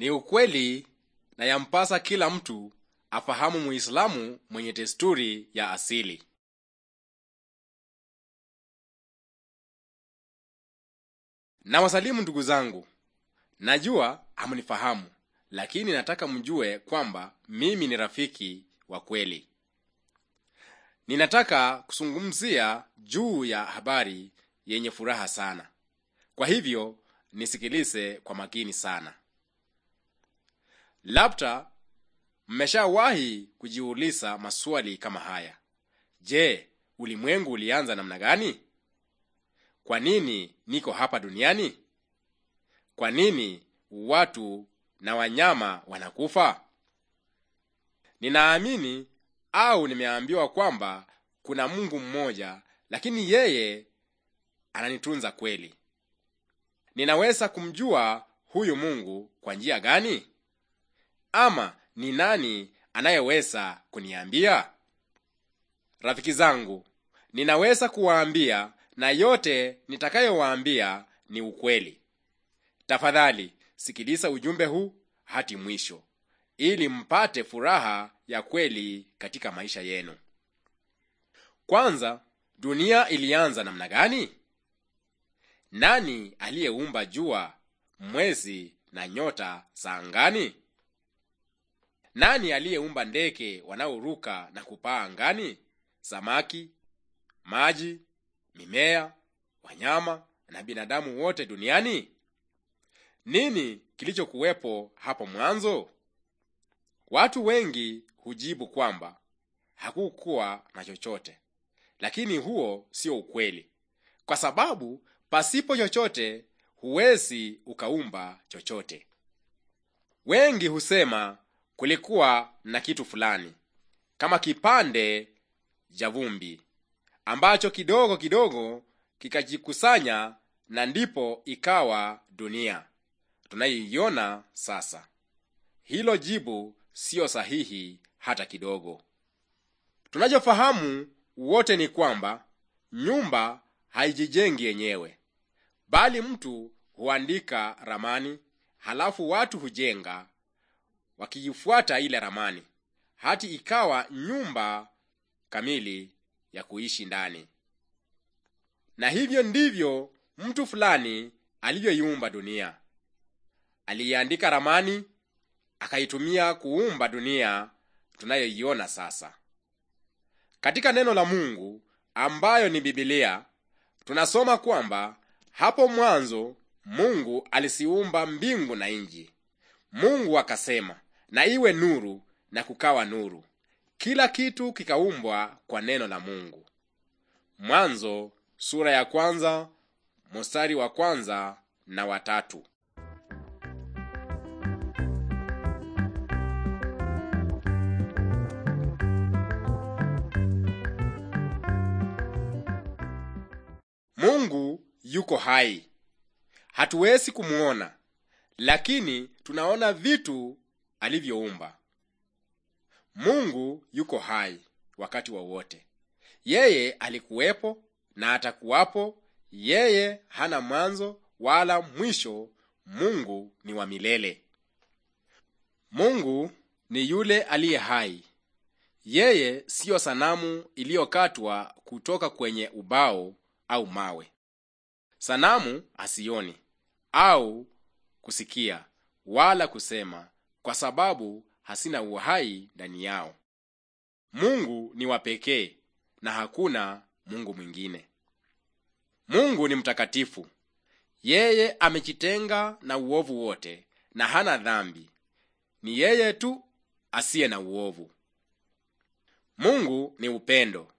Ni ukweli na yampasa kila mtu afahamu Muislamu mwenye desturi ya asili. Na wasalimu ndugu zangu, najua hamnifahamu, lakini nataka mjue kwamba mimi ni rafiki wa kweli. Ninataka kuzungumzia juu ya habari yenye furaha sana, kwa hivyo nisikilize kwa makini sana. Labda mmeshawahi kujiuliza maswali kama haya: Je, ulimwengu ulianza namna gani? Kwa nini niko hapa duniani? Kwa nini watu na wanyama wanakufa? Ninaamini au nimeambiwa kwamba kuna Mungu mmoja, lakini yeye ananitunza kweli? Ninaweza kumjua huyu Mungu kwa njia gani? ama ni nani anayeweza kuniambia? Rafiki zangu, ninaweza kuwaambia na yote nitakayowaambia ni ukweli. Tafadhali sikiliza ujumbe huu hati mwisho ili mpate furaha ya kweli katika maisha yenu. Kwanza, dunia ilianza namna gani? Nani aliyeumba jua, mwezi na nyota za angani? Nani aliyeumba ndege wanaoruka na kupaa angani, samaki, maji, mimea, wanyama na binadamu wote duniani? Nini kilichokuwepo hapo mwanzo? Watu wengi hujibu kwamba hakukuwa na chochote, lakini huo sio ukweli, kwa sababu pasipo chochote huwezi ukaumba chochote. Wengi husema kulikuwa na kitu fulani kama kipande cha vumbi ambacho kidogo kidogo kikajikusanya na ndipo ikawa dunia tunayoiona sasa. Hilo jibu siyo sahihi hata kidogo. Tunachofahamu wote ni kwamba nyumba haijijengi yenyewe, bali mtu huandika ramani, halafu watu hujenga wakiifuata ile ramani hati ikawa nyumba kamili ya kuishi ndani. Na hivyo ndivyo mtu fulani alivyoiumba dunia. Aliiandika ramani akaitumia kuumba dunia tunayoiona sasa. Katika neno la Mungu ambayo ni bibilia tunasoma kwamba hapo mwanzo Mungu alisiumba mbingu na nji Mungu akasema, na iwe nuru, na kukawa nuru. Kila kitu kikaumbwa kwa neno la Mungu. Mwanzo sura ya kwanza mstari wa kwanza na watatu. Mungu yuko hai, hatuwezi kumwona, lakini tunaona vitu alivyoumba. Mungu yuko hai wakati wowote wa yeye alikuwepo na atakuwapo. Yeye hana mwanzo wala mwisho. Mungu ni wa milele. Mungu ni yule aliye hai. Yeye siyo sanamu iliyokatwa kutoka kwenye ubao au mawe, sanamu asioni au kusikia wala kusema, kwa sababu hasina uhai ndani yao. Mungu ni wa pekee na hakuna Mungu mwingine. Mungu ni mtakatifu, yeye amejitenga na uovu wote na hana dhambi. Ni yeye tu asiye na uovu. Mungu ni upendo,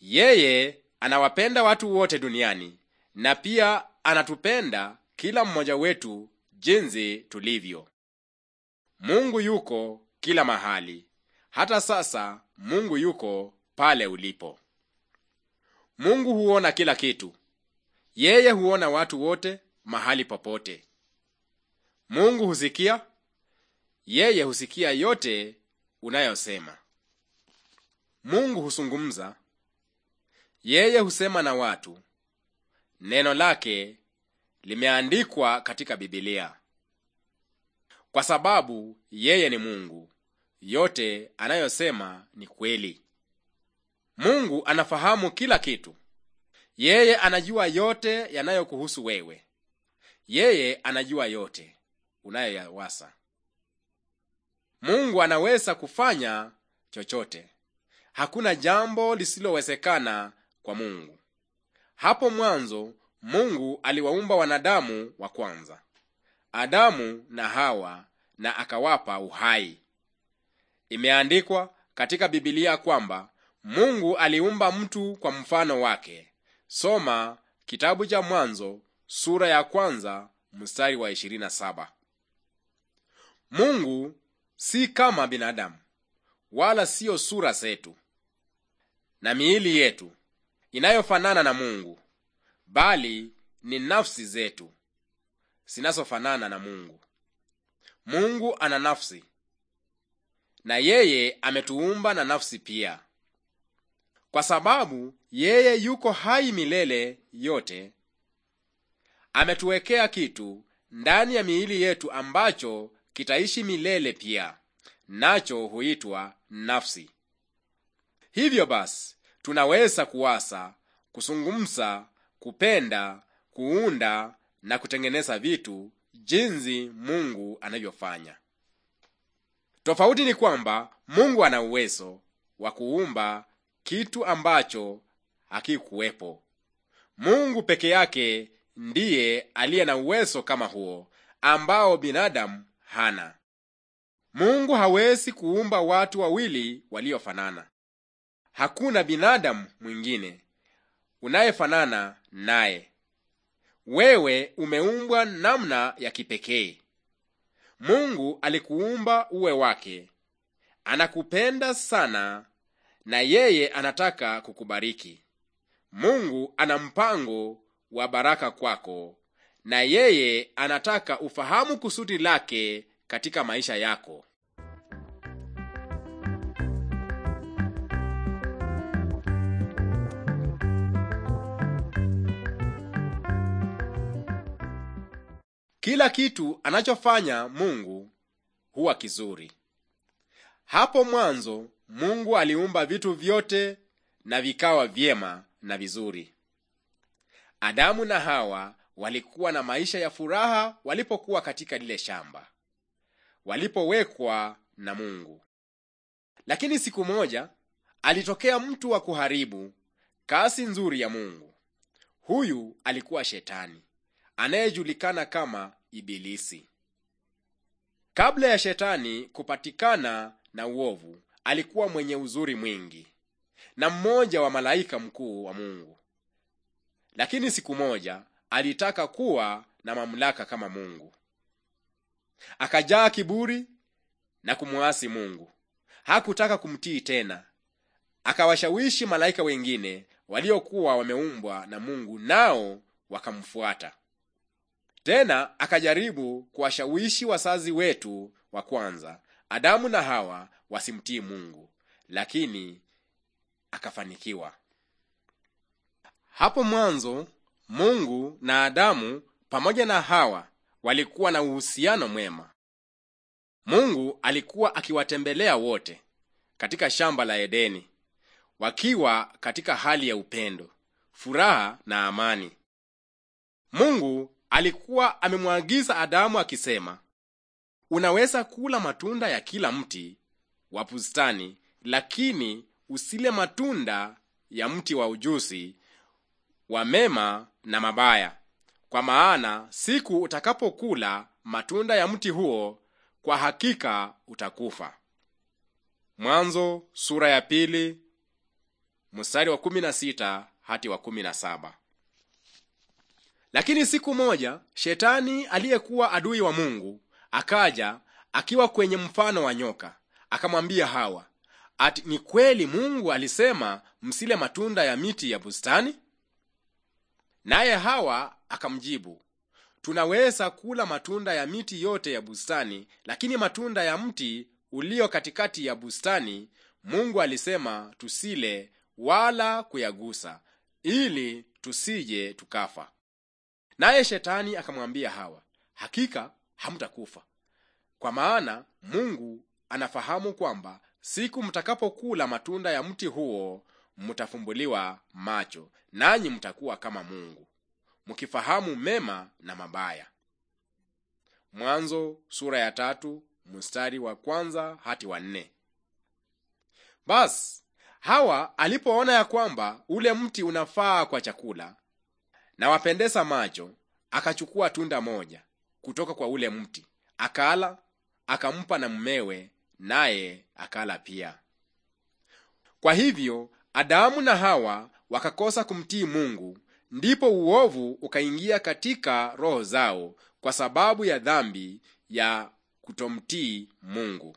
yeye anawapenda watu wote duniani na pia anatupenda kila mmoja wetu jinsi tulivyo. Mungu yuko kila mahali. Hata sasa Mungu yuko pale ulipo. Mungu huona kila kitu. Yeye huona watu wote mahali popote. Mungu husikia. Yeye husikia yote unayosema. Mungu husungumza. Yeye husema na watu. Neno lake limeandikwa katika Biblia kwa sababu yeye ni Mungu. Yote anayosema ni kweli. Mungu anafahamu kila kitu. Yeye anajua yote yanayokuhusu wewe. Yeye anajua yote unayoyawasa. Mungu anaweza kufanya chochote. Hakuna jambo lisilowezekana kwa Mungu. Hapo mwanzo Mungu aliwaumba wanadamu wa kwanza. Adamu na Hawa na akawapa uhai. Imeandikwa katika bibilia kwamba Mungu aliumba mtu kwa mfano wake. Soma kitabu cha Mwanzo sura ya kwanza mstari wa 27. Mungu si kama binadamu wala siyo sura zetu na miili yetu inayofanana na Mungu, bali ni nafsi zetu zinazofanana na Mungu. Mungu ana nafsi na yeye ametuumba na nafsi pia. Kwa sababu yeye yuko hai milele yote, ametuwekea kitu ndani ya miili yetu ambacho kitaishi milele pia, nacho huitwa nafsi. Hivyo basi tunaweza kuwasa, kusungumsa kupenda, kuunda na kutengeneza vitu jinsi Mungu anavyofanya. Tofauti ni kwamba Mungu ana uwezo wa kuumba kitu ambacho hakikuwepo. Mungu peke yake ndiye aliye na uwezo kama huo ambao binadamu hana. Mungu hawezi kuumba watu wawili waliofanana. Hakuna binadamu mwingine unayefanana naye wewe umeumbwa namna ya kipekee. Mungu alikuumba uwe wake, anakupenda sana na yeye anataka kukubariki. Mungu ana mpango wa baraka kwako, na yeye anataka ufahamu kusudi lake katika maisha yako. Kila kitu anachofanya Mungu huwa kizuri. Hapo mwanzo Mungu aliumba vitu vyote na vikawa vyema na vizuri. Adamu na Hawa walikuwa na maisha ya furaha walipokuwa katika lile shamba walipowekwa na Mungu. Lakini siku moja alitokea mtu wa kuharibu kasi nzuri ya Mungu. Huyu alikuwa Shetani anayejulikana kama Ibilisi. Kabla ya Shetani kupatikana na uovu, alikuwa mwenye uzuri mwingi na mmoja wa malaika mkuu wa Mungu, lakini siku moja alitaka kuwa na mamlaka kama Mungu. Akajaa kiburi na kumwasi Mungu. Hakutaka kumtii tena, akawashawishi malaika wengine waliokuwa wameumbwa na Mungu, nao wakamfuata. Tena akajaribu kuwashawishi wazazi wetu wa kwanza Adamu na Hawa wasimtii Mungu, lakini akafanikiwa. Hapo mwanzo Mungu na Adamu pamoja na Hawa walikuwa na uhusiano mwema. Mungu alikuwa akiwatembelea wote katika shamba la Edeni wakiwa katika hali ya upendo, furaha na amani. Mungu alikuwa amemwagiza Adamu akisema, unaweza kula matunda ya kila mti wa bustani, lakini usile matunda ya mti wa ujuzi wa mema na mabaya, kwa maana siku utakapokula matunda ya mti huo, kwa hakika utakufa. Mwanzo sura ya pili mstari wa kumi na sita hadi wa kumi na saba. Lakini siku moja shetani aliyekuwa adui wa Mungu akaja akiwa kwenye mfano wa nyoka, akamwambia Hawa, ati ni kweli Mungu alisema msile matunda ya miti ya bustani? Naye Hawa akamjibu, tunaweza kula matunda ya miti yote ya bustani, lakini matunda ya mti ulio katikati ya bustani Mungu alisema tusile wala kuyagusa, ili tusije tukafa. Naye shetani akamwambia Hawa, hakika hamtakufa, kwa maana Mungu anafahamu kwamba siku mtakapokula matunda ya mti huo mtafumbuliwa macho, nanyi mtakuwa kama Mungu mkifahamu mema na mabaya. Mwanzo sura ya tatu mstari wa kwanza wa nne. Basi Hawa alipoona ya kwamba ule mti unafaa kwa chakula, na wapendeza macho, akachukua tunda moja kutoka kwa ule mti, akala, akampa na mmewe, naye akala pia. Kwa hivyo Adamu na Hawa wakakosa kumtii Mungu, ndipo uovu ukaingia katika roho zao kwa sababu ya dhambi ya kutomtii Mungu.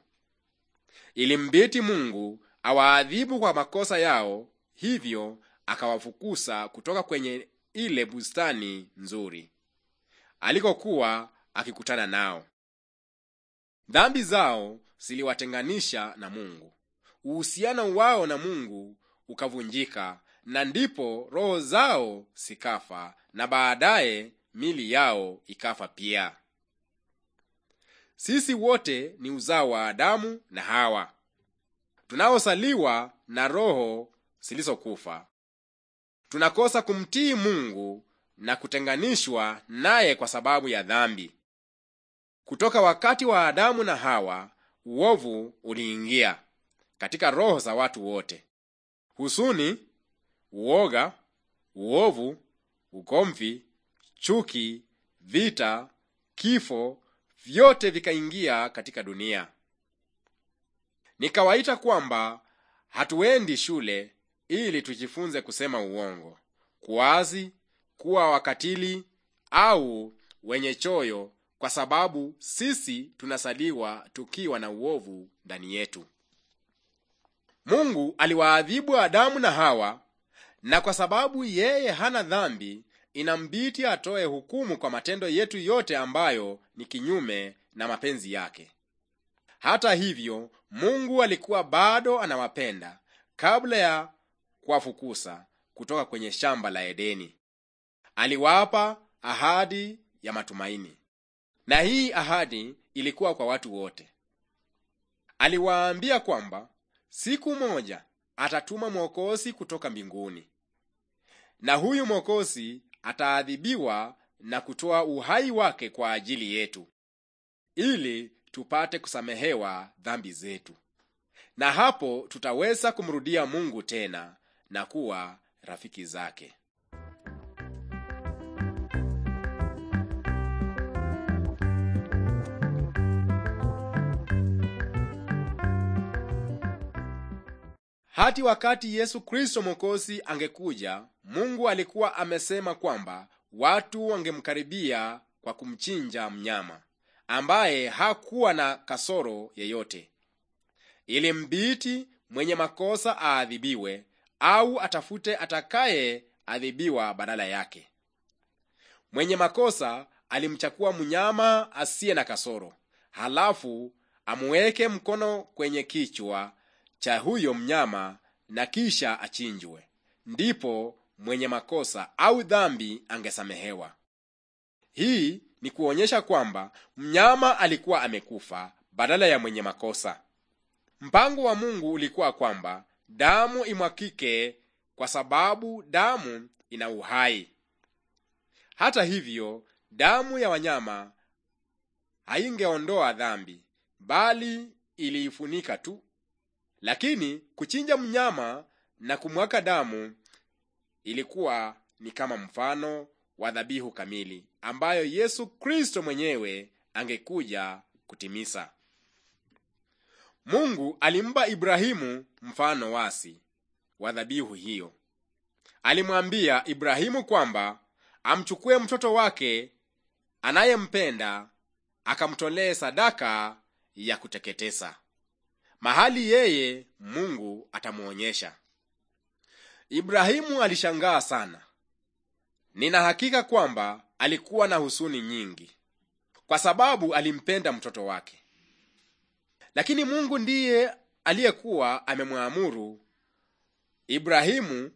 Ilimbiti Mungu awaadhibu kwa makosa yao, hivyo akawafukuza kutoka kwenye ile bustani nzuri alikokuwa akikutana nao. Dhambi zao ziliwatenganisha na Mungu, uhusiano wao na Mungu ukavunjika, na ndipo roho zao zikafa na baadaye mili yao ikafa pia. Sisi wote ni uzao wa Adamu na Hawa tunaosaliwa na roho zilizokufa tunakosa kumtii Mungu na kutenganishwa naye kwa sababu ya dhambi. Kutoka wakati wa Adamu na Hawa, uovu uliingia katika roho za watu wote: husuni, uoga, uovu, ugomvi, chuki, vita, kifo, vyote vikaingia katika dunia. nikawaita kwamba hatuendi shule ili tujifunze kusema uongo, kuwazi, kuwa wakatili au wenye choyo, kwa sababu sisi tunasaliwa tukiwa na uovu ndani yetu. Mungu aliwaadhibu Adamu na Hawa, na kwa sababu yeye hana dhambi, inambiti atoe hukumu kwa matendo yetu yote ambayo ni kinyume na mapenzi yake. Hata hivyo, Mungu alikuwa bado anawapenda kabla ya kuwafukuza kutoka kwenye shamba la Edeni. Aliwapa ahadi ya matumaini, na hii ahadi ilikuwa kwa watu wote. Aliwaambia kwamba siku moja atatuma mwokozi kutoka mbinguni, na huyu mwokozi ataadhibiwa na kutoa uhai wake kwa ajili yetu ili tupate kusamehewa dhambi zetu, na hapo tutaweza kumrudia Mungu tena na kuwa rafiki zake. Hati wakati Yesu Kristo Mwokozi angekuja, Mungu alikuwa amesema kwamba watu wangemkaribia kwa kumchinja mnyama ambaye hakuwa na kasoro yeyote. Ili mbiti mwenye makosa aadhibiwe au atafute atakaye adhibiwa badala yake. Mwenye makosa alimchakua mnyama asiye na kasoro, halafu amuweke mkono kwenye kichwa cha huyo mnyama na kisha achinjwe. Ndipo mwenye makosa au dhambi angesamehewa. Hii ni kuonyesha kwamba mnyama alikuwa amekufa badala ya mwenye makosa. Mpango wa Mungu ulikuwa kwamba damu imwakike kwa sababu damu ina uhai. Hata hivyo, damu ya wanyama haingeondoa dhambi, bali iliifunika tu. Lakini kuchinja mnyama na kumwaka damu ilikuwa ni kama mfano wa dhabihu kamili ambayo Yesu Kristo mwenyewe angekuja kutimisa. Mungu alimpa Ibrahimu mfano wasi wa dhabihu hiyo. Alimwambia Ibrahimu kwamba amchukue mtoto wake anayempenda akamtolee sadaka ya kuteketesa mahali yeye Mungu atamwonyesha. Ibrahimu alishangaa sana. Nina hakika kwamba alikuwa na husuni nyingi kwa sababu alimpenda mtoto wake lakini Mungu ndiye aliyekuwa amemwamuru. Ibrahimu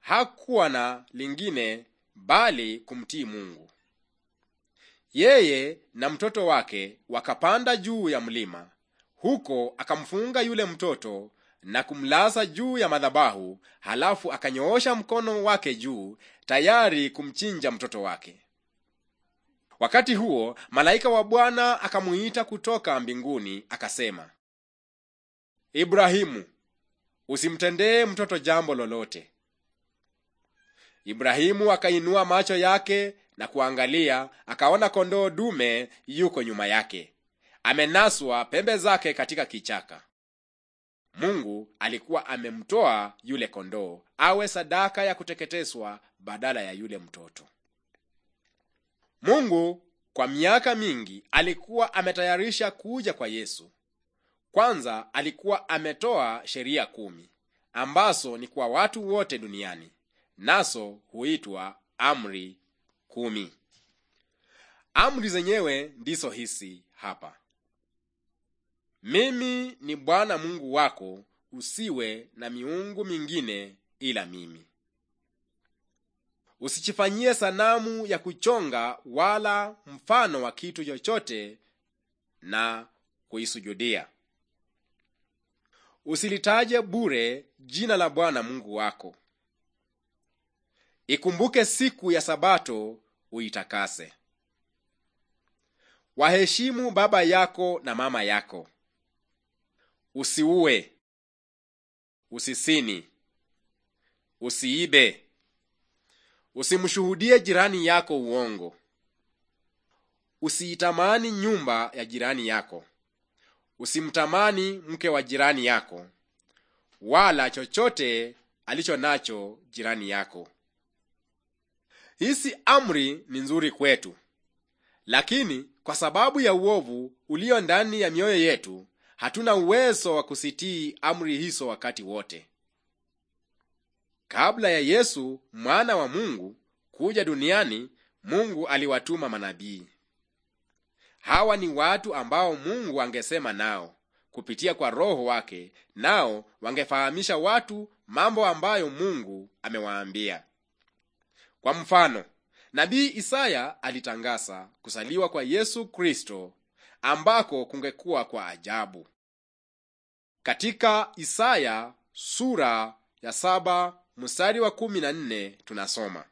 hakuwa na lingine bali kumtii Mungu. Yeye na mtoto wake wakapanda juu ya mlima, huko akamfunga yule mtoto na kumlaza juu ya madhabahu, halafu akanyoosha mkono wake juu tayari kumchinja mtoto wake wakati huo malaika wa bwana akamuita kutoka mbinguni akasema ibrahimu usimtendee mtoto jambo lolote ibrahimu akainua macho yake na kuangalia akaona kondoo dume yuko nyuma yake amenaswa pembe zake katika kichaka mungu alikuwa amemtoa yule kondoo awe sadaka ya kuteketezwa badala ya yule mtoto Mungu kwa miaka mingi alikuwa ametayarisha kuja kwa Yesu. Kwanza alikuwa ametoa sheria kumi ambazo ni kwa watu wote duniani, nazo huitwa amri kumi. Amri zenyewe ndizo hisi hapa: mimi ni Bwana Mungu wako, usiwe na miungu mingine ila mimi usichifanyie sanamu ya kuchonga wala mfano wa kitu chochote na kuisujudia. Usilitaje bure jina la Bwana Mungu wako. Ikumbuke siku ya Sabato uitakase. Waheshimu baba yako na mama yako. Usiue. Usisini. Usiibe. Usimshuhudie jirani yako uongo. Usiitamani nyumba ya jirani yako. Usimtamani mke wa jirani yako, wala chochote alicho nacho jirani yako. Hizi amri ni nzuri kwetu, lakini kwa sababu ya uovu ulio ndani ya mioyo yetu hatuna uwezo wa kusitii amri hizo wakati wote. Kabla ya Yesu mwana wa Mungu kuja duniani, Mungu aliwatuma manabii. Hawa ni watu ambao Mungu angesema nao kupitia kwa Roho wake, nao wangefahamisha watu mambo ambayo Mungu amewaambia. Kwa mfano, nabii Isaya alitangaza kusaliwa kwa Yesu Kristo ambako kungekuwa kwa ajabu. Katika Isaya sura ya saba mstari wa kumi na nne tunasoma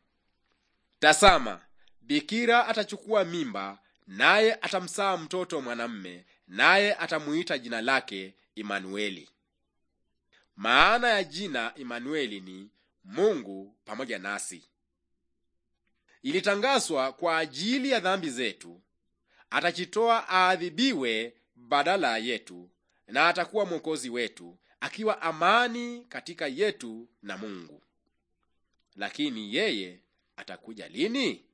bikira atachukua mimba, naye atamsaa mtoto mwanamme, naye atamuita jina lake Imanueli. Maana ya jina Imanueli ni Mungu pamoja nasi. Ilitangazwa kwa ajili ya dhambi zetu, atachitoa aadhibiwe badala yetu, na atakuwa mwokozi wetu, akiwa amani katika yetu na Mungu. Lakini yeye atakuja lini?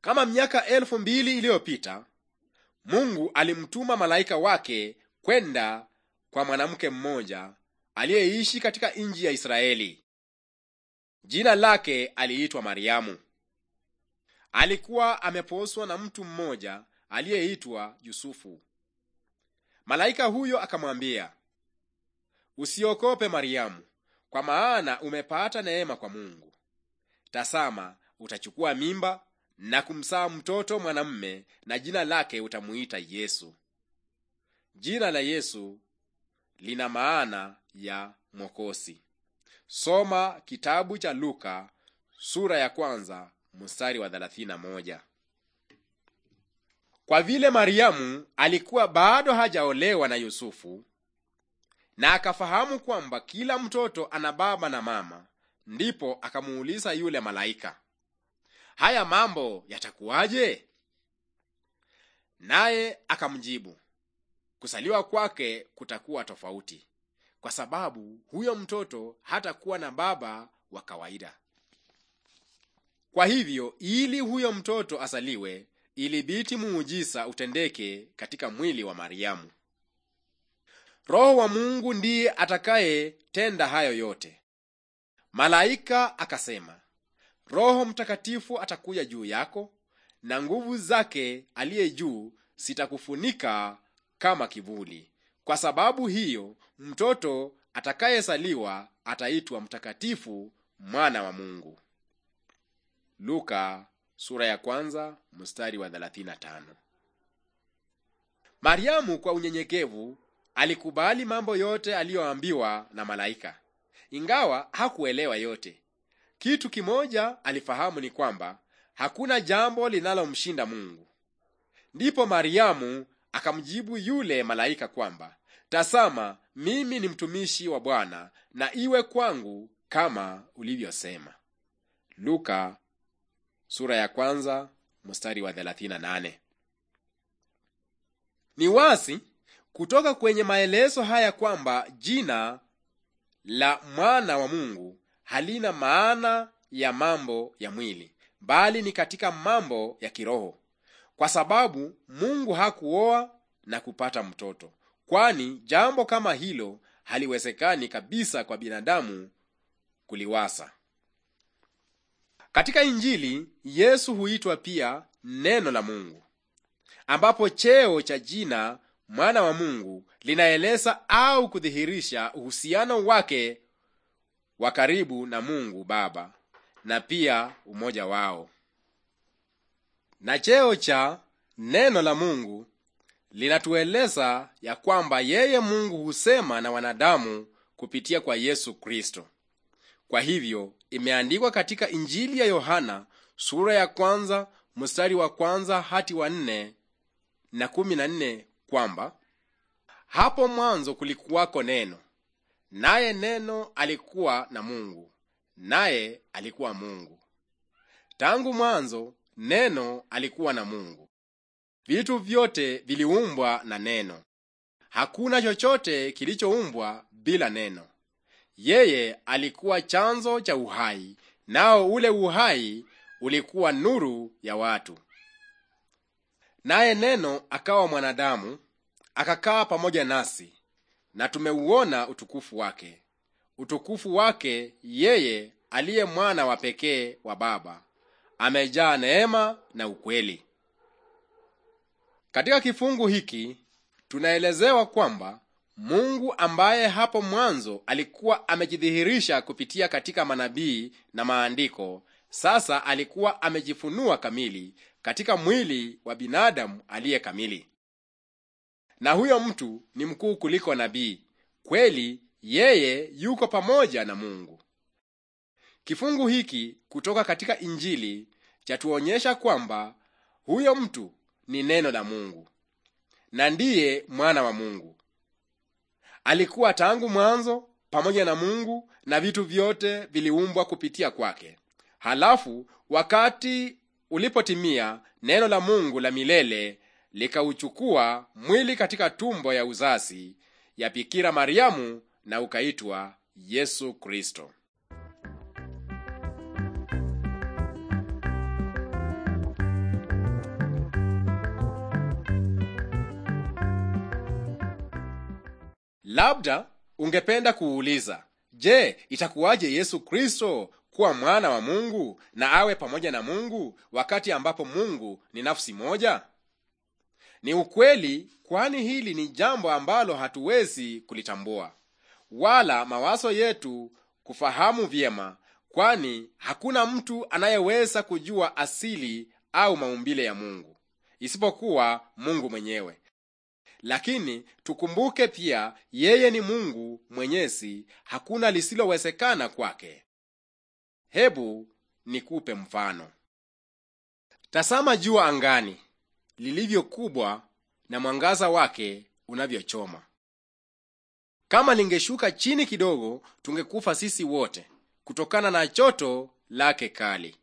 Kama miaka elfu mbili iliyopita Mungu alimtuma malaika wake kwenda kwa mwanamke mmoja aliyeishi katika nchi ya Israeli. Jina lake aliitwa Mariamu. Alikuwa ameposwa na mtu mmoja aliyeitwa Yusufu. Malaika huyo akamwambia, usiogope Mariamu, kwa maana umepata neema kwa Mungu. tasama utachukua mimba na kumsaa mtoto mwanamume, na jina lake utamuita Yesu. Jina la Yesu lina maana ya Mwokozi. Soma kitabu cha Luka sura ya kwanza mstari wa 31. Kwa vile Mariamu alikuwa bado hajaolewa na Yusufu na akafahamu kwamba kila mtoto ana baba na mama, ndipo akamuuliza yule malaika, haya mambo yatakuwaje? Naye akamjibu, kusaliwa kwake kutakuwa tofauti, kwa sababu huyo mtoto hatakuwa na baba wa kawaida. Kwa hivyo, ili huyo mtoto asaliwe, ilibidi muujiza utendeke katika mwili wa Mariamu. Roho wa Mungu ndiye atakayetenda hayo yote. Malaika akasema, Roho Mtakatifu atakuja juu yako na nguvu zake aliye juu zitakufunika kama kivuli. Kwa sababu hiyo mtoto atakayesaliwa ataitwa mtakatifu, mwana wa Mungu. Luka sura ya kwanza mstari wa 35. Mariamu kwa unyenyekevu alikubali mambo yote aliyoambiwa na malaika, ingawa hakuelewa yote. Kitu kimoja alifahamu ni kwamba hakuna jambo linalomshinda Mungu. Ndipo Mariamu Akamjibu yule malaika kwamba, tazama, mimi ni mtumishi wa Bwana, na iwe kwangu kama ulivyosema. Luka sura ya kwanza mstari wa Ni wazi kutoka kwenye maelezo haya kwamba jina la mwana wa Mungu halina maana ya mambo ya mwili, bali ni katika mambo ya kiroho kwa sababu Mungu hakuoa na kupata mtoto, kwani jambo kama hilo haliwezekani kabisa kwa binadamu kuliwasa. Katika Injili Yesu huitwa pia neno la Mungu, ambapo cheo cha jina mwana wa Mungu linaeleza au kudhihirisha uhusiano wake wa karibu na Mungu Baba na pia umoja wao. Na cheo cha neno la Mungu linatueleza ya kwamba yeye Mungu husema na wanadamu kupitia kwa Yesu Kristo. Kwa hivyo imeandikwa katika Injili ya Yohana sura ya kwanza mstari wa kwanza hadi wa nne na kumi na nne kwamba hapo mwanzo kulikuwako neno, naye neno alikuwa na Mungu, naye alikuwa Mungu. Tangu mwanzo Neno alikuwa na Mungu. Vitu vyote viliumbwa na neno. Hakuna chochote kilichoumbwa bila neno. Yeye alikuwa chanzo cha uhai, nao ule uhai ulikuwa nuru ya watu. Naye neno akawa mwanadamu, akakaa pamoja nasi, na tumeuona utukufu wake, utukufu wake yeye aliye mwana wa pekee wa Baba, amejaa neema na ukweli. Katika kifungu hiki tunaelezewa kwamba Mungu ambaye hapo mwanzo alikuwa amejidhihirisha kupitia katika manabii na maandiko, sasa alikuwa amejifunua kamili katika mwili wa binadamu aliye kamili, na huyo mtu ni mkuu kuliko nabii. Kweli yeye yuko pamoja na Mungu. Kifungu hiki kutoka katika Injili chatuonyesha kwamba huyo mtu ni neno la Mungu na ndiye mwana wa Mungu. Alikuwa tangu mwanzo pamoja na Mungu na vitu vyote viliumbwa kupitia kwake. Halafu wakati ulipotimia, neno la Mungu la milele likauchukua mwili katika tumbo ya uzazi ya Bikira Mariamu na ukaitwa Yesu Kristo. Labda ungependa kuuliza, je, itakuwaje Yesu Kristo kuwa mwana wa Mungu na awe pamoja na Mungu wakati ambapo Mungu ni nafsi moja? Ni ukweli, kwani hili ni jambo ambalo hatuwezi kulitambua wala mawazo yetu kufahamu vyema, kwani hakuna mtu anayeweza kujua asili au maumbile ya Mungu isipokuwa Mungu mwenyewe. Lakini tukumbuke pia yeye ni Mungu Mwenyezi, hakuna lisilowezekana kwake. Hebu nikupe mfano. Tazama jua angani lilivyo kubwa na mwangaza wake unavyochoma. Kama lingeshuka chini kidogo, tungekufa sisi wote kutokana na choto lake kali.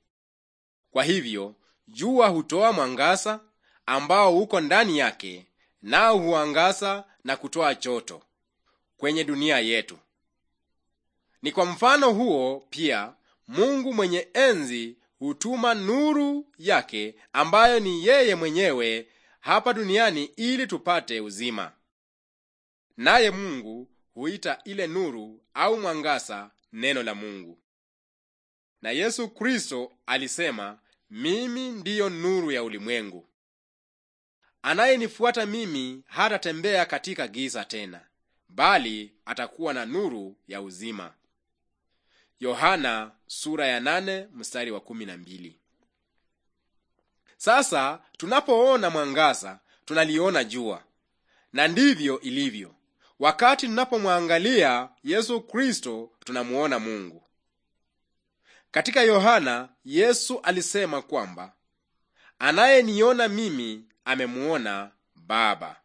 Kwa hivyo jua hutoa mwangaza ambao uko ndani yake nao huangasa na kutoa choto kwenye dunia yetu. Ni kwa mfano huo pia Mungu mwenye enzi hutuma nuru yake ambayo ni yeye mwenyewe hapa duniani ili tupate uzima. Naye Mungu huita ile nuru au mwangasa neno la Mungu. Na Yesu Kristo alisema, mimi ndiyo nuru ya ulimwengu anayenifuata mimi hatatembea katika giza tena bali atakuwa na nuru ya uzima yohana sura ya nane mstari wa kumi na mbili sasa tunapoona mwangaza tunaliona jua na ndivyo ilivyo wakati tunapomwangalia yesu kristo tunamuona mungu katika yohana yesu alisema kwamba anayeniona mimi amemuona Baba.